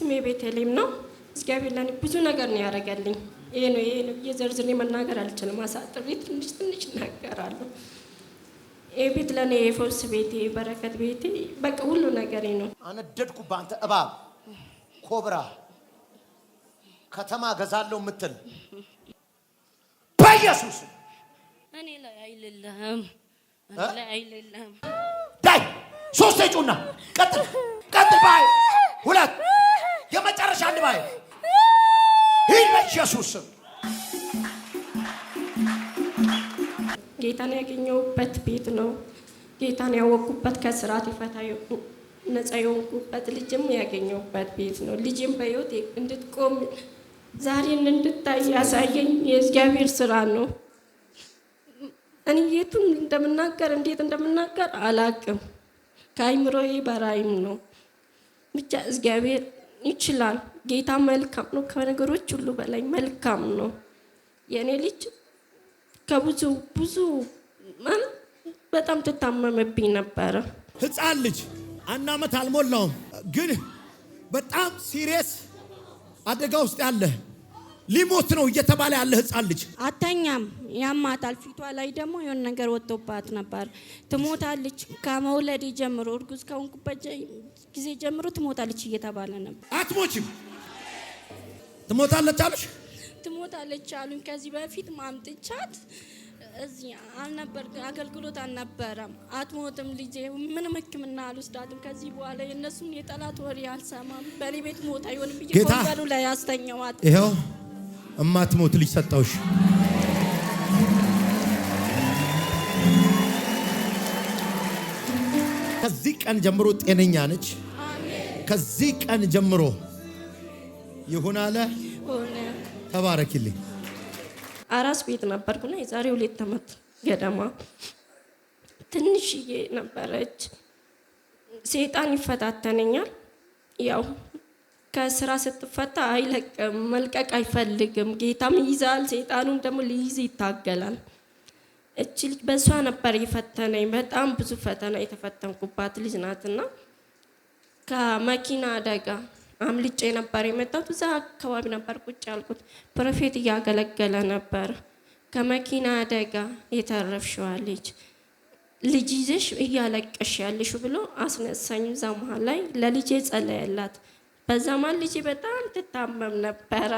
ስሜ ቤተልሔም ነው። እግዚአብሔር ለእኔ ብዙ ነገር ነው ያደረገልኝ። ይሄ ነው ይሄ ነው ብዬ መናገር አልችልም። አሳጥሬ ትንሽ ትንሽ እናገራለሁ። ይሄ ቤት ለእኔ የፈውስ ቤቴ፣ የበረከት ቤቴ፣ በቃ ሁሉ ነገሬ ነው። አነደድኩ በአንተ እባብ፣ ኮብራ፣ ከተማ ገዛለሁ የምትል በኢየሱስ እኔ ላይ አይልልህም፣ እኔ ላይ አይልልህም። ዳይ ሶስት ጩና ቀጥል፣ ቀጥል፣ ባይ ሁለት በኢየሱስ ስም ጌታን ያገኘሁበት ቤት ነው። ጌታን ያወቅኩበት ከስርዓት ይፈታ ነጻ የሆንኩበት ልጅም ያገኘሁበት ቤት ነው። ልጅም በሕይወት እንድትቆም ዛሬን እንድታይ ያሳየኝ የእግዚአብሔር ስራ ነው። እኔ የቱን እንደምናገር እንዴት እንደምናገር አላቅም። ከአይምሮዬ በራይም ነው ብቻ እግዚአብሔር ይችላል። ጌታ መልካም ነው፣ ከነገሮች ሁሉ በላይ መልካም ነው። የእኔ ልጅ ከብዙ ብዙ በጣም ትታመምብኝ ነበረ። ህፃን ልጅ አንድ አመት አልሞላውም፣ ግን በጣም ሲሪየስ አደጋ ውስጥ ያለ ሊሞት ነው እየተባለ ያለ ህፃን ልጅ አተኛም፣ ያማታል። ፊቷ ላይ ደግሞ የሆነ ነገር ወጥቶባት ነበር። ትሞታለች ከመውለድ ጀምሮ እርጉዝ ከሆንኩበት ጊዜ ጀምሮ ትሞታለች እየተባለ ነበር። አትሞችም ትሞታለች አሉሽ? ትሞታለች አሉኝ። ከዚህ በፊት ማምጥቻት እዚህ አልነበር አገልግሎት አልነበረም። አትሞትም ልጄ፣ ምንም ሕክምና አልወስዳትም። ከዚህ በኋላ የእነሱን የጠላት ወሬ አልሰማም። በእኔ ቤት ሞት አይሆንም ብዬ ከወንበሩ ላይ ያስተኛዋት። ይኸው እማትሞት ልጅ ሰጠውሽ። ከዚህ ቀን ጀምሮ ጤነኛ ነች። ከዚህ ቀን ጀምሮ ይሁን አለ። ተባረኪልኝ። አራስ ቤት ነበርኩና የዛሬ ሁለት ዓመት ገደማ ትንሽዬ ነበረች። ሴጣን ይፈታተነኛል። ያው ከስራ ስትፈታ አይለቅም፣ መልቀቅ አይፈልግም። ጌታም ይይዛል፣ ሴጣኑም ደግሞ ሊይዝ ይታገላል። እች ልጅ በእሷ ነበር የፈተነኝ። በጣም ብዙ ፈተና የተፈተንኩባት ልጅ ናትና ከመኪና አደጋ አምልጬ ነበር የመጣሁት። እዛ አካባቢ ነበር ቁጭ ያልኩት። ፕሮፌት እያገለገለ ነበር። ከመኪና አደጋ የተረፍሽዋ ልጅ ልጅ ይዘሽ እያለቀሽ ያለሽ ብሎ አስነሳኝ። እዛ መሀል ላይ ለልጄ ጸለየላት። በዛ መሀል ልጄ በጣም ትታመም ነበረ።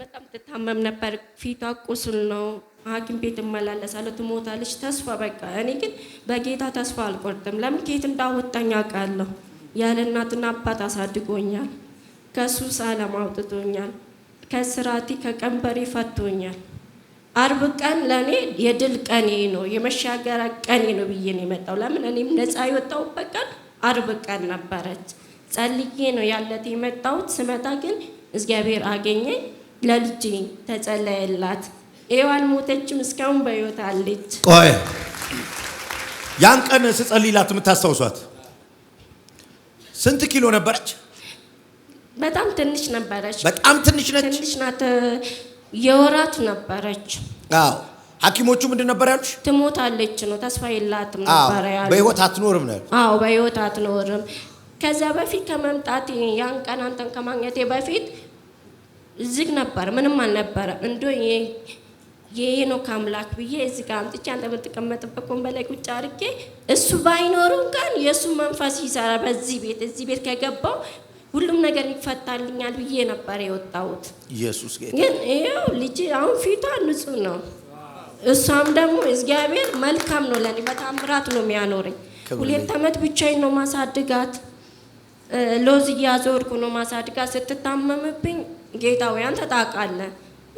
በጣም ትታመም ነበር። ፊቷ ቁስል ነው ሐኪም ቤት እመላለሳለሁ፣ ትሞታለች ተስፋ በቃ። እኔ ግን በጌታ ተስፋ አልቆርጥም። ለምን ከየት እንዳወጣኝ አውቃለሁ። ያለ እናትና አባት አሳድጎኛል። ከሱስ ዓለም አውጥቶኛል። ከስራቴ ከቀንበሬ ፈቶኛል። አርብ ቀን ለእኔ የድል ቀኔ ነው፣ የመሻገር ቀኔ ነው ብዬ ነው የመጣው። ለምን እኔም ነፃ የወጣሁበት ቀን አርብ ቀን ነበረች። ጸልዬ ነው ያለት የመጣሁት። ስመጣ ግን እግዚአብሔር አገኘኝ። ለልጄ ተጸለየላት። ይኸው አልሞተችም፣ እስካሁን በሕይወት አለች። ቆይ ያን ቀን ስጸልይላት የምታስታውሷት ስንት ኪሎ ነበረች? በጣም ትንሽ ነበረች። በጣም ትንሽ ነች፣ ትንሽ ናት። የወራት ነበረች። አዎ ሐኪሞቹ ምንድን ነበር ያሉሽ? ትሞታለች ነው፣ ተስፋ የላትም ነበር ያሉት። በሕይወት አትኖርም ነው። አዎ በሕይወት አትኖርም። ከዛ በፊት ከመምጣት ያን ቀን አንተን ከማግኘቴ በፊት ዝግ ነበር፣ ምንም አልነበረ እንዶ የሄኖክ አምላክ ብዬ እዚህ ጋር አምጥቼ አንተ በተቀመጠበት ወንበር ላይ ቁጭ አድርጌ እሱ ባይኖሩ ቀን የእሱ መንፈስ ይሰራ በዚህ ቤት እዚህ ቤት ከገባው ሁሉም ነገር ይፈታልኛል ብዬ ነበር የወጣሁት። ኢየሱስ ግን ይኸው ልጅ አሁን ፊቷ ንጹህ ነው። እሷም ደግሞ እግዚአብሔር መልካም ነው ለኔ በታምራት ነው የሚያኖረኝ። ሁለት ዓመት ብቻዬን ነው ማሳድጋት። ሎዝ እያዞርኩ ነው ማሳድጋት። ስትታመምብኝ ጌታ ጌታውያን ተጣቃለ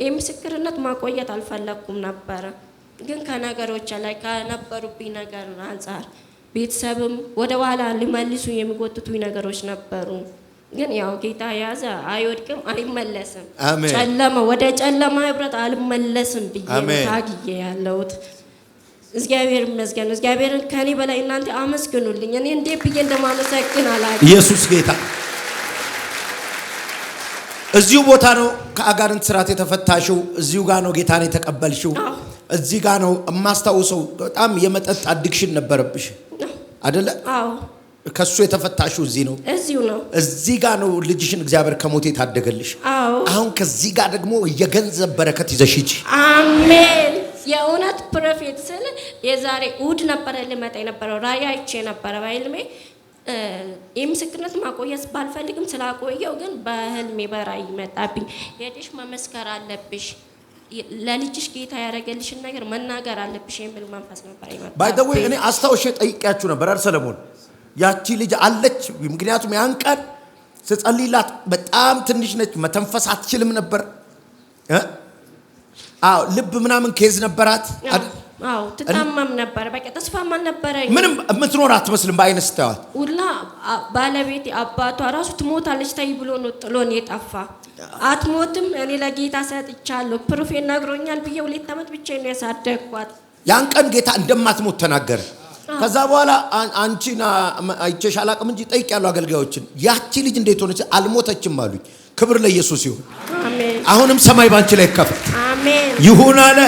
የምስክርነት ማቆየት አልፈለግኩም ነበረ፣ ግን ከነገሮች ላይ ከነበሩብኝ ነገር አንጻር ቤተሰብም ወደ ኋላ ሊመልሱ የሚጎትቱኝ ነገሮች ነበሩ። ግን ያው ጌታ የያዘ አይወድቅም፣ አይመለስም። ጨለማ ወደ ጨለማ ህብረት አልመለስም ብዬ ታግዬ ያለሁት እግዚአብሔር ይመስገን። እግዚአብሔርን ከኔ በላይ እናንተ አመስግኑልኝ። እኔ እንዴት ብዬ እንደማመሰግን አላ ኢየሱስ ጌታ እዚሁ ቦታ ነው ከአጋንንት ስርዓት የተፈታሽው። እዚሁ ጋ ነው ጌታን የተቀበልሽው። እዚህ ጋ ነው የማስታውሰው። በጣም የመጠጥ አዲክሽን ነበረብሽ አደለ? ከሱ የተፈታሽው እዚህ ነው። እዚሁ ነው። እዚህ ጋ ነው ልጅሽን እግዚአብሔር ከሞት የታደገልሽ። አሁን ከዚህ ጋር ደግሞ የገንዘብ በረከት ይዘሽ ሂጂ። አሜን። የእውነት ፕሮፌት ስል የዛሬ እሑድ ነበረ ልመጣ የነበረው ራእይ አይቼ ነበረ ባይልሜ ምስክርነት ማቆየት ባልፈልግም ስላቆየው ግን በህልሜ በራእይ መጣብኝ። ሄደሽ መመስከር አለብሽ ለልጅሽ ጌታ ያደረገልሽን ነገር መናገር አለብሽ የሚል መንፈስ ነበር ይመጣ። ባይደዌ እኔ አስታውሼ ጠይቄያችሁ ነበር አይደል ሰለሞን? ያቺ ልጅ አለች። ምክንያቱም ያን ቀን ስጸልይላት በጣም ትንሽ ነች፣ መተንፈስ አትችልም ነበር። አዎ ልብ ምናምን ኬዝ ነበራት። አዎ ትታመም ነበር። በቃ ተስፋም አልነበረኝ። ምንም የምትኖር አትመስልም። ሁላ ባለቤት አባቷ ራሱ ትሞታለች ተይ ብሎ ነው ጥሎን የጠፋ። አትሞትም እኔ ለጌታ ሰጥቻለሁ ነግሮኛል ብዬ ሁለት ዓመት ብቻ ነው ያሳደግኳት። ያን ቀን ጌታ እንደማትሞት ተናገረ። ከዛ በኋላ አንቺን አይቼሽ አላቅም እንጂ ጠይቅ ያሉ አገልጋዮችን ያቺ ልጅ እንዴት ሆነች? አልሞተችም አሉኝ። ክብር ለኢየሱስ ይሁን። አሁንም ሰማይ ባንቺ ላይ ይከፈት። ይሁን አለ።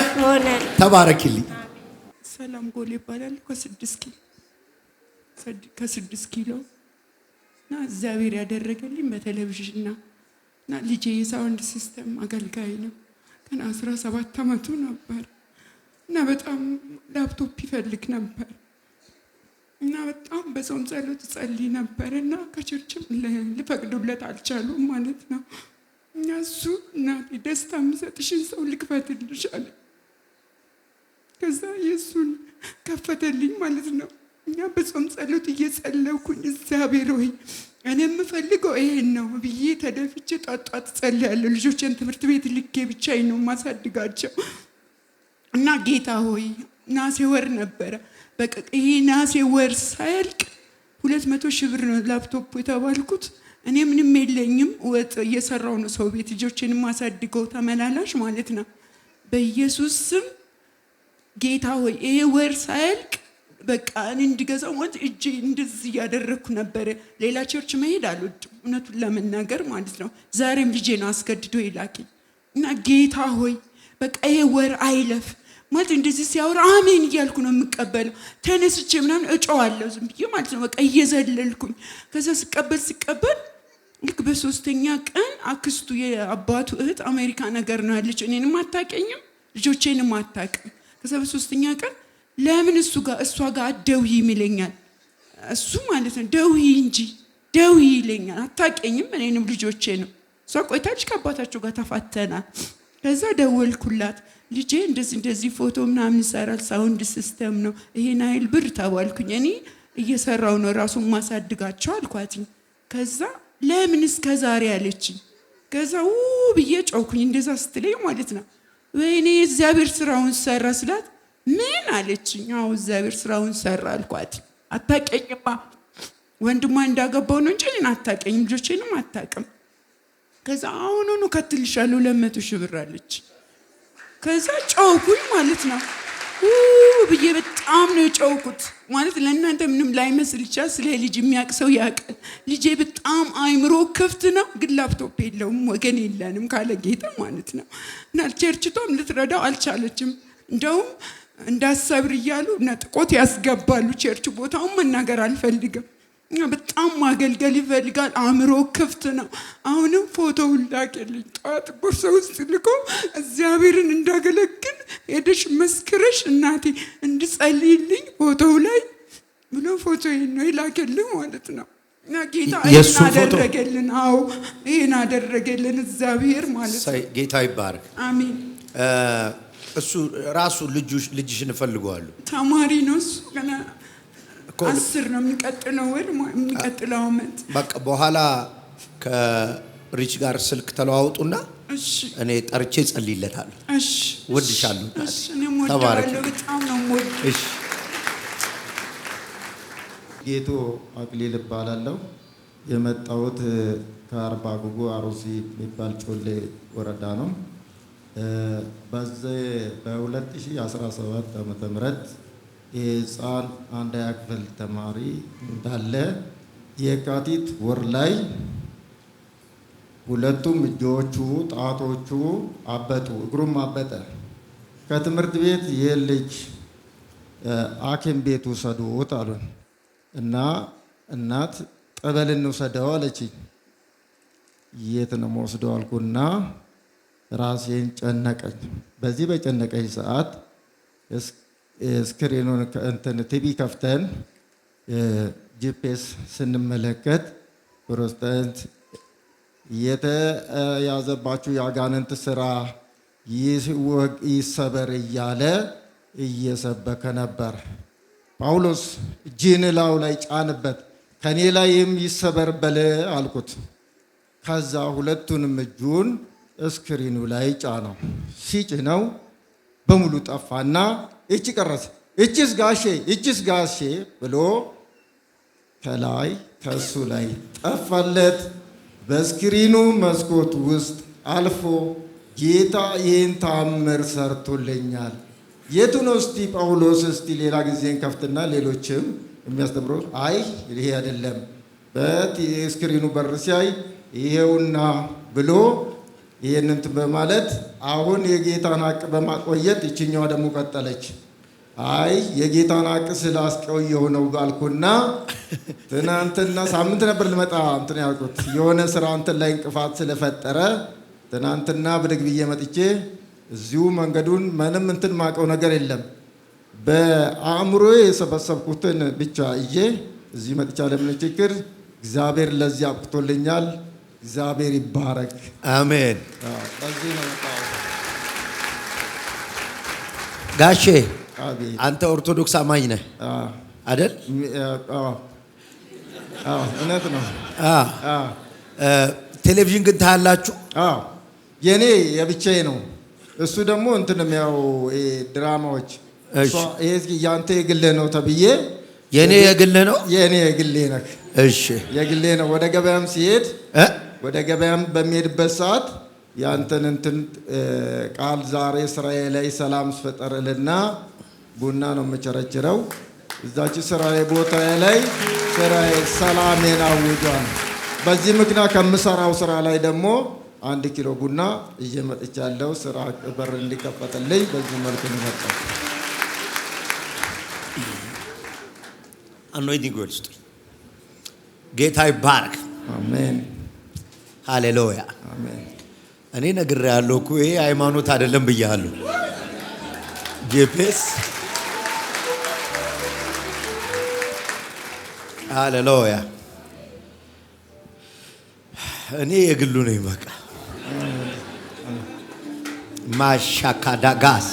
ሰላም ጎል ይባላል። ከስድስት ኪሎ እና እግዚአብሔር ያደረገልኝ በቴሌቪዥን እና እና ልጄ የሳውንድ ሲስተም አገልጋይ ነው። ገና አስራ ሰባት አመቱ ነበር እና በጣም ላፕቶፕ ይፈልግ ነበር እና በጣም በጾም ጸሎት ጸልይ ነበር እና ከቸርችም ልፈቅዱለት አልቻሉም ማለት ነው። እና እሱ እና ደስታ የምሰጥሽን ሰው ልክፈትልሻለሁ ከዛ የእሱን ከፈተልኝ ማለት ነው። እኛ በጾም ጸሎት እየጸለኩኝ እግዚአብሔር ሆይ እኔ የምፈልገው ይሄን ነው ብዬ ተደፍቼ ጧት ጸልያለሁ። ልጆችን ትምህርት ቤት ልኬ ብቻዬን ነው የማሳድጋቸው እና ጌታ ሆይ ናሴ ወር ነበረ። በቃ ይሄ ናሴ ወር ሳያልቅ ሁለት መቶ ሺህ ብር ነው ላፕቶፕ የተባልኩት። እኔ ምንም የለኝም፣ ወጥ እየሰራው ነው ሰው ቤት ልጆችን የማሳድገው ተመላላሽ ማለት ነው። በኢየሱስ ስም ጌታ ሆይ ይሄ ወር ሳያልቅ በቃ እኔ እንድገዛው ወጥ እጄ እንደዚህ እያደረግኩ ነበረ። ሌላ ቸርች መሄድ አልወድም፣ እውነቱን ለመናገር ማለት ነው። ዛሬም ልጄ ነው አስገድዶ ይላክኝ እና ጌታ ሆይ በቃ ይሄ ወር አይለፍ ማለት እንደዚህ ሲያወራ አሜን እያልኩ ነው የምቀበለው። ተነስቼ ምናምን እጮዋለሁ ዝም ብዬ ማለት ነው በቃ እየዘለልኩኝ። ከዛ ስቀበል ስቀበል ልክ በሶስተኛ ቀን አክስቱ የአባቱ እህት አሜሪካ ነገር ነው ያለች። እኔንም አታውቀኝም ልጆቼንም አታውቅም። ከዛ በሶስተኛ ቀን ለምን እሱ ጋር እሷ ጋር አትደውይ ይለኛል። እሱ ማለት ነው ደውይ እንጂ ደውይ ይለኛል። አታውቂኝም? እኔንም ልጆቼ ነው እሷ ቆይታች ከአባታቸው ጋር ተፋተና፣ ከዛ ደወልኩላት። ልጄ እንደዚህ እንደዚህ ፎቶ ምናምን ይሰራል፣ ሳውንድ ሲስተም ነው፣ ይሄን አይል ብር ተባልኩኝ። እኔ እየሰራው ነው ራሱን ማሳድጋቸው አልኳትኝ። ከዛ ለምን እስከ ዛሬ አለችኝ። ከዛ ው ብዬ እንደዛ ስትለኝ ማለት ነው ወይኔ እግዚአብሔር ስራውን ሰራ ስላት ምን አለችኝ? አዎ እግዚአብሔር ስራውን ሰራ አልኳት። አታቀኝማ ወንድሟ እንዳገባው ነው እንጂ እኔን አታቀኝ፣ ልጆቼንም አታቅም። ከዛ አሁኑኑ ከትልሻለሁ ለመቶ ሺህ ብር አለች። ከዛ ጮኩኝ ማለት ነው ብዬ በጣም ነው የጨውኩት። ማለት ለእናንተ ምንም ላይመስል ይቻል። ስለ ልጅ የሚያውቅ ሰው ያውቅ። ልጄ በጣም አይምሮ ክፍት ነው፣ ግን ላፕቶፕ የለውም ወገን የለንም ካለ ጌታ ማለት ነው። እና ቸርችቷም ልትረዳው አልቻለችም። እንደውም እንዳሰብር እያሉ ነጥቆት ያስገባሉ። ቸርች ቦታውን መናገር አልፈልግም። በጣም ማገልገል ይፈልጋል። አእምሮ ክፍት ነው። አሁንም ፎቶ ላክልኝ። ጠዋት ቦርሳ ውስጥ ልኮ እግዚአብሔርን እንዳገለግል ሄደሽ መስክረሽ እናቴ እንድጸልይልኝ ፎቶው ላይ ብሎ ፎቶ ነው የላከልን ማለት ነው። እና ጌታ ይህን አደረገልን። አዎ ይህን አደረገልን እግዚአብሔር ማለት ነው። ጌታ ይባረክ። አሜን። እሱ ራሱ ልጅሽን እፈልገዋለሁ። ተማሪ ነው እሱ ገና አስር ነው የሚቀጥለው ወር የሚቀጥለው አመት። በቃ በኋላ ከሪች ጋር ስልክ ተለዋውጡና እኔ ጠርቼ ጸልይለታለሁ። ወድሻለሁ፣ ጌቶ አክሊል እባላለሁ። የመጣሁት ከአርባ ጉጉ አሮሲ የሚባል ጮሌ ወረዳ ነው። በዚህ በ2017 ዓ.ም የህፃን አንደኛ ክፍል ተማሪ እንዳለ የካቲት ወር ላይ ሁለቱም እጆቹ ጣቶቹ አበጡ፣ እግሩም አበጠ። ከትምህርት ቤት ይህ ልጅ ሐኪም ቤት ውሰዱት አሉን እና እናት ጠበል እንውሰደው አለችኝ። የት ነው መወስደው አልኩና ራሴን ጨነቀኝ። በዚህ በጨነቀኝ ሰዓት ስክሪኑን እንትን ቲቪ ከፍተን ጂፒኤስ ስንመለከት ፕሮስተንት የተያዘባችሁ የአጋንንት ስራ ይሰበር እያለ እየሰበከ ነበር። ጳውሎስ እጅህን ላው ላይ ጫንበት፣ ከእኔ ላይም ይሰበር በል አልኩት። ከዛ ሁለቱንም እጁን እስክሪኑ ላይ ጫነው። ሲጭነው በሙሉ ጠፋና እቺ ቀረች፣ እቺስ ጋሼ፣ እቺስ ጋሼ ብሎ ከላይ ከሱ ላይ ጠፋለት። በስክሪኑ መስኮት ውስጥ አልፎ ጌታ ይህን ታምር ሰርቶልኛል። የቱ ነው እስቲ ጳውሎስ? እስቲ ሌላ ጊዜን ከፍትና ሌሎችም የሚያስተምሩ አይ ይሄ አይደለም፣ በስክሪኑ በር ሲያይ ይሄውና ብሎ ይህንን በማለት አሁን የጌታን ሀቅ በማቆየት ይችኛዋ ደግሞ ቀጠለች። አይ የጌታን ሀቅ ስላስቀው ነው ባልኩና ትናንትና ሳምንት ነበር ልመጣ እንትን ያልኩት የሆነ ስራ እንትን ላይ እንቅፋት ስለፈጠረ ትናንትና ብድግ ብዬ መጥቼ እዚሁ መንገዱን ምንም እንትን ማቀው ነገር የለም በአእምሮ የሰበሰብኩትን ብቻ እዬ እዚህ መጥቻ ለምን ችግር እግዚአብሔር ለዚህ አብቅቶልኛል። እግዚአብሔር ይባረክ። አሜን። ጋሼ አንተ ኦርቶዶክስ አማኝ ነህ አደል? እውነት ነው። ቴሌቪዥን ግን ታያላችሁ? የእኔ የብቻዬ ነው። እሱ ደግሞ እንትንም ያው ድራማዎች ያንተ የግል ነው ተብዬ የእኔ የግል ነው። የእኔ የግሌ ነህ። የግሌ ነው። ወደ ገበያም ሲሄድ ወደ ገበያም በሚሄድበት ሰዓት ያንተን እንትን ቃል ዛሬ ስራዬ ላይ ሰላም ስፈጠርልና ቡና ነው የምቸረችረው። እዛች ስራዬ ቦታ ላይ ስራዬ ሰላሜን አውጇል። በዚህ ምክንያት ከምሰራው ስራ ላይ ደግሞ አንድ ኪሎ ቡና እየመጥቻለሁ። ስራ በር እንዲከፈትልኝ በዚህ መልኩ ንመጣ አኖይንግ ጌታ ይባርክ። አሜን። ሃሌሉያ። እኔ ነግር ያለው እኮ ይሄ ሃይማኖት አይደለም ብያለሁ። ጄፔስ ሃሌሉያ። እኔ የግሉ ነኝ። በቃ ማሻካዳጋስ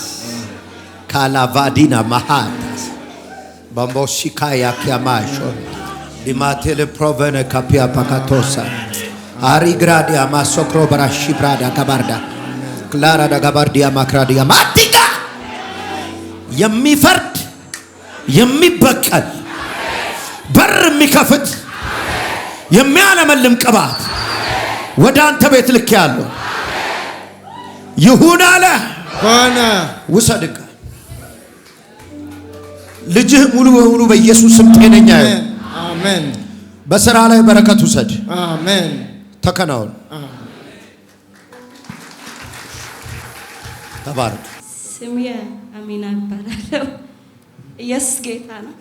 ካላቫዲና ማሃታስ ባምቦሲካ ያኪያማሾ ዲማቴል ፕሮቨነ ካፒያ ፓካቶሳ አሪግራዲያ ማሶክሮ በራሺ ብራዳ ጋባርዳ ክላራ ዳ ጋባርዲያ ማክራዲያ ማዲጋ የሚፈርድ የሚበቀል በር የሚከፍት የሚያለመልም ቅባት ወደ አንተ ቤት ልክ ያለው ይሁን አለ ሆነ። ውሰድ ልጅህ ሙሉ በሙሉ በኢየሱስ ስም ጤነኛ። አሜን። በስራ ላይ በረከት ውሰድ። አሜን። ተከናውን። ተባረክ። ስሜ አሚና ይባላለሁ። ኢየሱስ ጌታ ነው።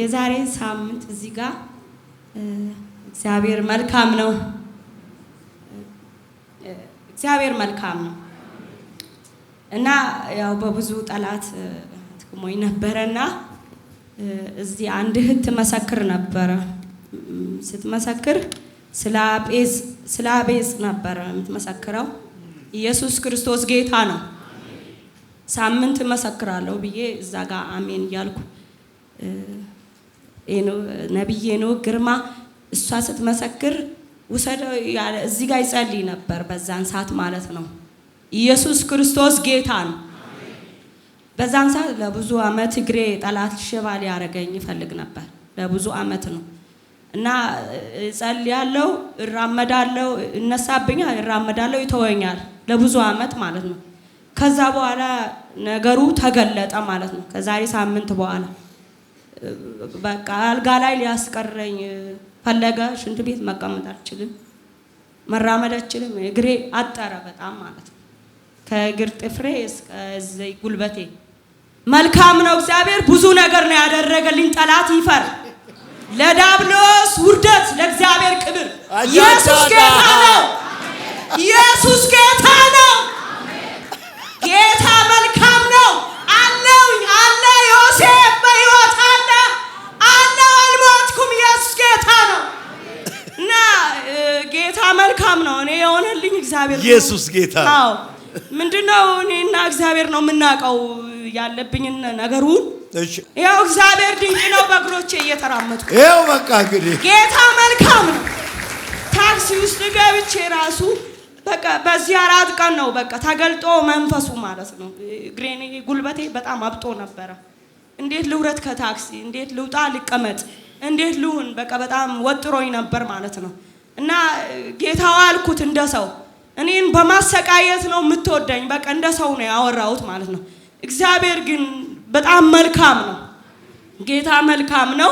የዛሬ ሳምንት እዚህ ጋር እግዚአብሔር መልካም ነው። እግዚአብሔር መልካም ነው እና ያው በብዙ ጠላት ጥቅሞኝ ነበረና እዚህ አንድ እህት ትመሰክር ነበረ ስትመሰክር ስለ አቤጽ ነበረ የምትመሰክረው። ኢየሱስ ክርስቶስ ጌታ ነው። ሳምንት መሰክራለሁ ብዬ እዛ ጋር አሜን እያልኩ ነቢይ ሄኖክ ግርማ እሷ ስትመሰክር ውሰደው ያለ እዚህ ጋር ይጸልይ ነበር፣ በዛን ሰዓት ማለት ነው። ኢየሱስ ክርስቶስ ጌታ ነው። በዛን ሰዓት ለብዙ ዓመት እግሬ ጠላት ሽባ ሊያደርገኝ ይፈልግ ነበር። ለብዙ ዓመት ነው እና ጸልያለሁ፣ እራመዳለው፣ እነሳብኛል፣ እራመዳለው ይተወኛል ለብዙ አመት ማለት ነው። ከዛ በኋላ ነገሩ ተገለጠ ማለት ነው። ከዛሬ ሳምንት በኋላ በቃ አልጋ ላይ ሊያስቀረኝ ፈለገ። ሽንት ቤት መቀመጥ አልችልም፣ መራመድ አልችልም። እግሬ አጠረ በጣም ማለት ነው። ከእግር ጥፍሬ እስከዚህ ጉልበቴ። መልካም ነው እግዚአብሔር ብዙ ነገር ነው ያደረገልኝ። ጠላት ይፈር ለዳብሎ ውርደት ለእግዚአብሔር ክብር። ኢየሱስ ጌታ ነው። ኢየሱስ ጌታ ነው። ጌታ መልካም ነው። አለው አለ ዮሴፍ በሕይወት አለ አለው አልሞትኩም። ኢየሱስ ጌታ ነው እና ጌታ መልካም ነው። እኔ የሆነልኝ እግዚአብሔር ኢየሱስ ጌታ ነው። እኔና እግዚአብሔር ነው የምናውቀው ያለብኝን ነገሩን ይኸው እግዚአብሔር ድንቅ ነው። በእግሮቼ እየተራመድኩ ይኸው በቃ እንግዲህ ጌታ መልካም ነው። ታክሲ ውስጥ ገብቼ ራሱ በቃ በዚህ አራት ቀን ነው በቃ ተገልጦ መንፈሱ ማለት ነው። ግሬኔ ጉልበቴ በጣም አብጦ ነበረ። እንዴት ልውረት ከታክሲ እንዴት ልውጣ ልቀመጥ እንዴት ልሁን በቃ በጣም ወጥሮኝ ነበር ማለት ነው። እና ጌታዋ አልኩት እንደ ሰው እኔን በማሰቃየት ነው የምትወደኝ። በቃ እንደ ሰው ነው ያወራሁት ማለት ነው። እግዚአብሔር ግን በጣም መልካም ነው። ጌታ መልካም ነው።